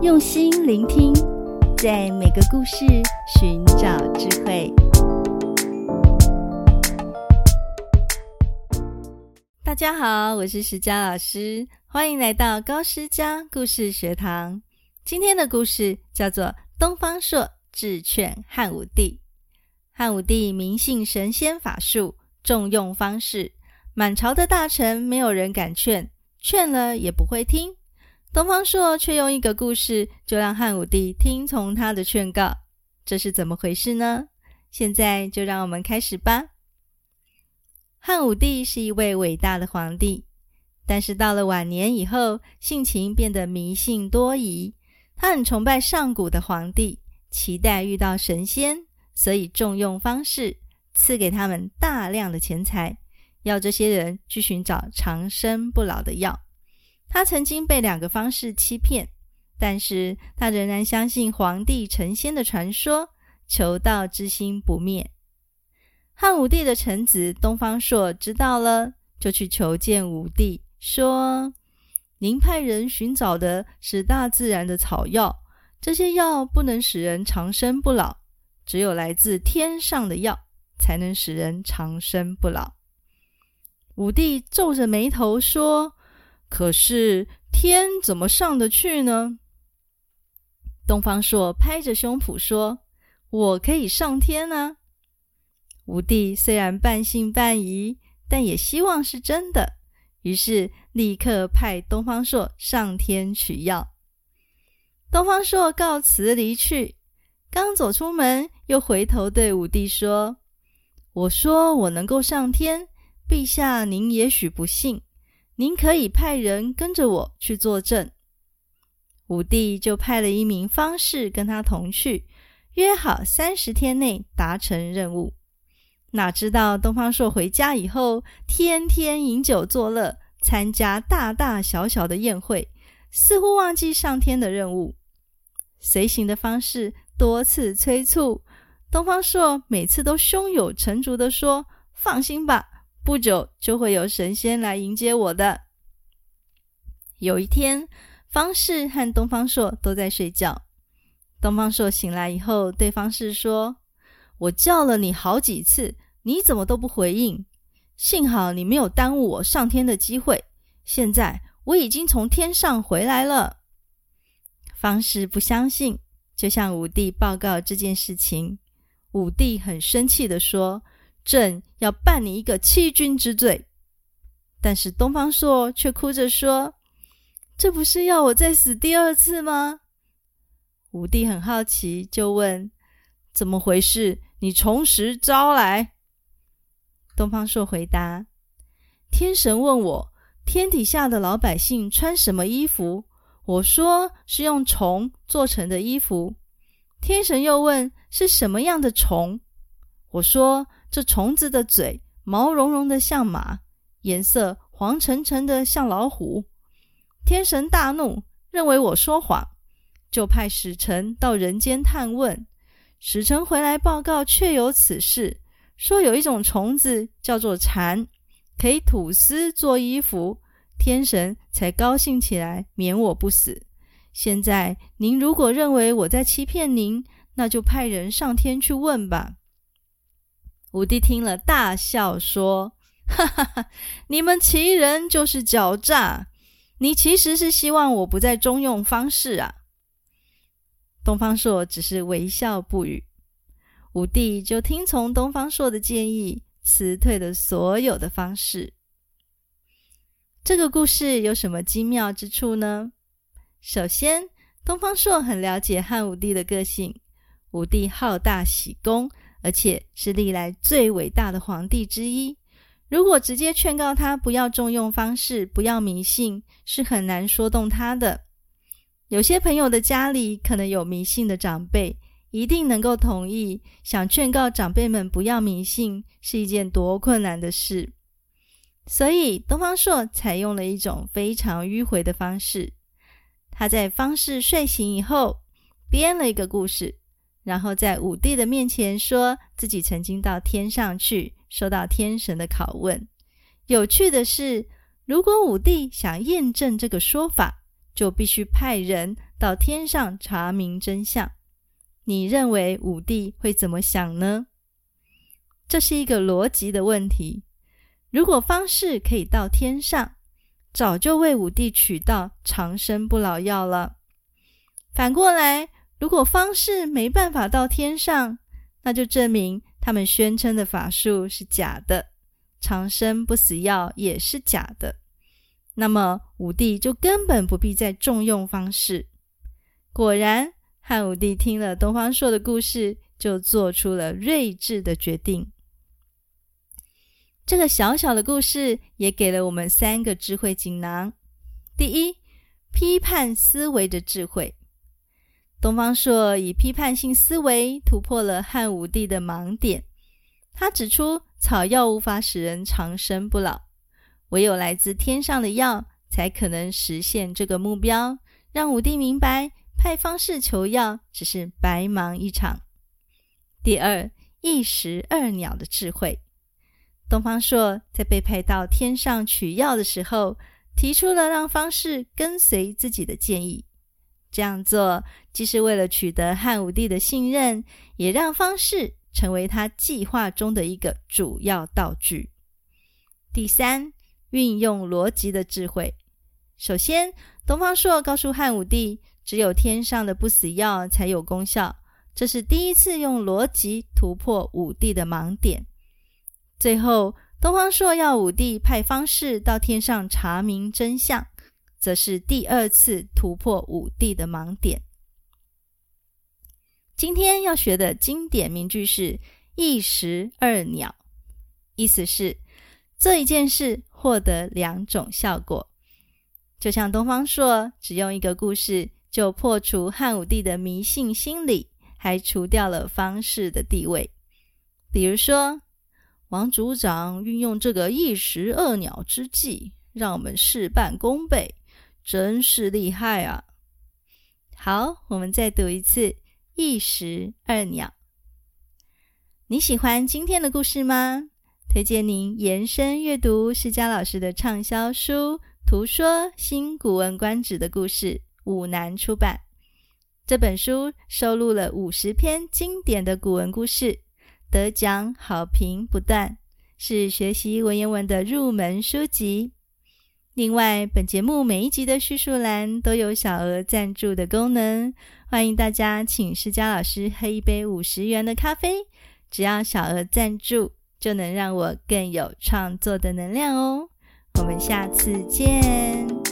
用心聆聽，在每個故事尋找智慧。大家好，我是詩佳老師，歡迎來到高詩佳故事學堂。今天的故事叫做《東方朔智勸漢武帝》。漢武帝迷信神仙法術，重用方士，滿朝的大臣沒有人敢勸，勸了也不會聽。東方朔卻用一個故事，就讓漢武帝聽從他的勸告，這是怎麼回事呢？現在就讓我們開始吧。漢武帝是一位偉大的皇帝，但是到了晚年以後，性情變得迷信多疑。他很崇拜上古的皇帝，期待遇到神仙，所以重用方士，賜給他們大量的錢財，要這些人去尋找長生不老的藥。他曾經被兩個方士欺騙，但是他仍然相信黃帝成仙的傳說，求道之心不滅。漢武帝的臣子東方朔知道了，就去求見武帝，說：“您派人尋找的是大自然的草藥，這些藥不能使人長生不老，只有來自天上的藥才能使人長生不老。”武帝皺着眉頭說。可是天怎麼上得去呢？東方朔拍着胸脯說：“我可以上天啊。”武帝雖然半信半疑，但也希望是真的，於是立刻派東方朔上天取藥。東方朔告辭離去，剛走出門，又回頭對武帝說：“我說我能夠上天，陛下您也許不信。”您可以派人跟着我去作證。武帝就派了一名方士跟他同去，約好三十天內達成任務。哪知道東方朔回家以後，天天飲酒作樂，參加大大小小的宴會，似乎忘記上天的任務。隨行的方士多次催促，東方朔每次都胸有成竹地說：“放心吧。”不久就會有神仙來迎接我的。有一天，方士和東方朔都在睡覺。東方朔醒來以後，對方士說：“我叫了你好幾次，你怎麼都不回應？幸好你沒有耽誤我上天的機會。現在我已經從天上回來了。”方士不相信，就向武帝報告這件事情。武帝很生氣地說。朕要辦你一個欺君之罪，但是東方朔卻哭着說：“這不是要我再死第二次嗎？”武帝很好奇，就問：“怎麼回事？你從實招來。”東方朔回答：“天神問我，天底下的老百姓穿什麼衣服？我說是用蟲做成的衣服。天神又問是什麼樣的蟲？我說。”這蟲子的嘴毛茸茸的，像馬；顏色黃澄澄的，像老虎。天神大怒，認為我說謊，就派使臣到人間探問。使臣回來報告，確有此事，說有一種蟲子叫做蠶，可以吐絲做衣服。天神才高興起來，免我不死。現在您如果認為我在欺騙您，那就派人上天去問吧。武帝聽了，大笑說：“哈哈哈！你們齊人就是狡詐，你其實是希望我不再重用方士啊。”東方朔只是微笑不語。武帝就聽從東方朔的建議，辭退了所有的方士。這個故事有什麼精妙之處呢？首先，東方朔很了解漢武帝的個性，武帝好大喜功。而且是歷來最偉大的皇帝之一。如果直接勸告他不要重用方士，不要迷信，是很難說動他的。有些朋友的家裡可能有迷信的長輩，一定能夠同意。想勸告長輩們不要迷信，是一件多困難的事。所以，東方朔採用了一種非常迂回的方式。他在方士睡醒以後，編了一個故事。然後在武帝的面前說自己曾經到天上去，受到天神的拷問。有趣的是，如果武帝想驗證這個說法，就必須派人到天上查明真相。你認為武帝會怎麼想呢？這是一個邏輯的問題。如果方士可以到天上，早就為武帝取到長生不老藥了。反過來，如果方士沒辦法到天上，那就證明他們宣稱的法術是假的，長生不死藥也是假的。那麼武帝就根本不必再重用方士。果然，漢武帝聽了東方朔的故事，就做出了睿智的決定。這個小小的故事也給了我們三個智慧錦囊：第一，批判思維的智慧。東方朔以批判性思維突破了漢武帝的盲點。他指出，草藥無法使人長生不老，唯有來自天上的藥才可能實現這個目標，讓武帝明白派方士求藥只是白忙一場。第二，一石二鳥的智慧。東方朔在被派到天上取藥的時候，提出了讓方士跟隨自己的建議。這樣做既是為了取得漢武帝的信任，也讓方士成為他計劃中的一個主要道具。第三，運用邏輯的智慧。首先，東方朔告訴漢武帝，只有天上的不死藥才有功效，這是第一次用邏輯突破武帝的盲點。最後，東方朔要武帝派方士到天上查明真相。則是第二次突破武帝的盲點。今天要學的經典名句是“一石二鳥”，意思是這一件事獲得兩種效果。就像東方朔只用一個故事就破除漢武帝的迷信心理，還除掉了方士的地位。比如說，王族長運用這個“一石二鳥”之計，讓我們事半功倍。真是厲害啊！好，我們再讀一次“一石二鳥”。你喜歡今天的故事嗎？推薦您延伸閱讀詩佳老師的暢銷書《圖說新古文觀止》的故事，五南出版。這本書收錄了五十篇經典的古文故事，得獎好評不斷，是學習文言文的入門書籍。另外，本節目每一集的敘述欄都有小額贊助的功能，歡迎大家請詩佳老師喝一杯五十元的咖啡，只要小額贊助，就能讓我更有創作的能量哦。我們下次見。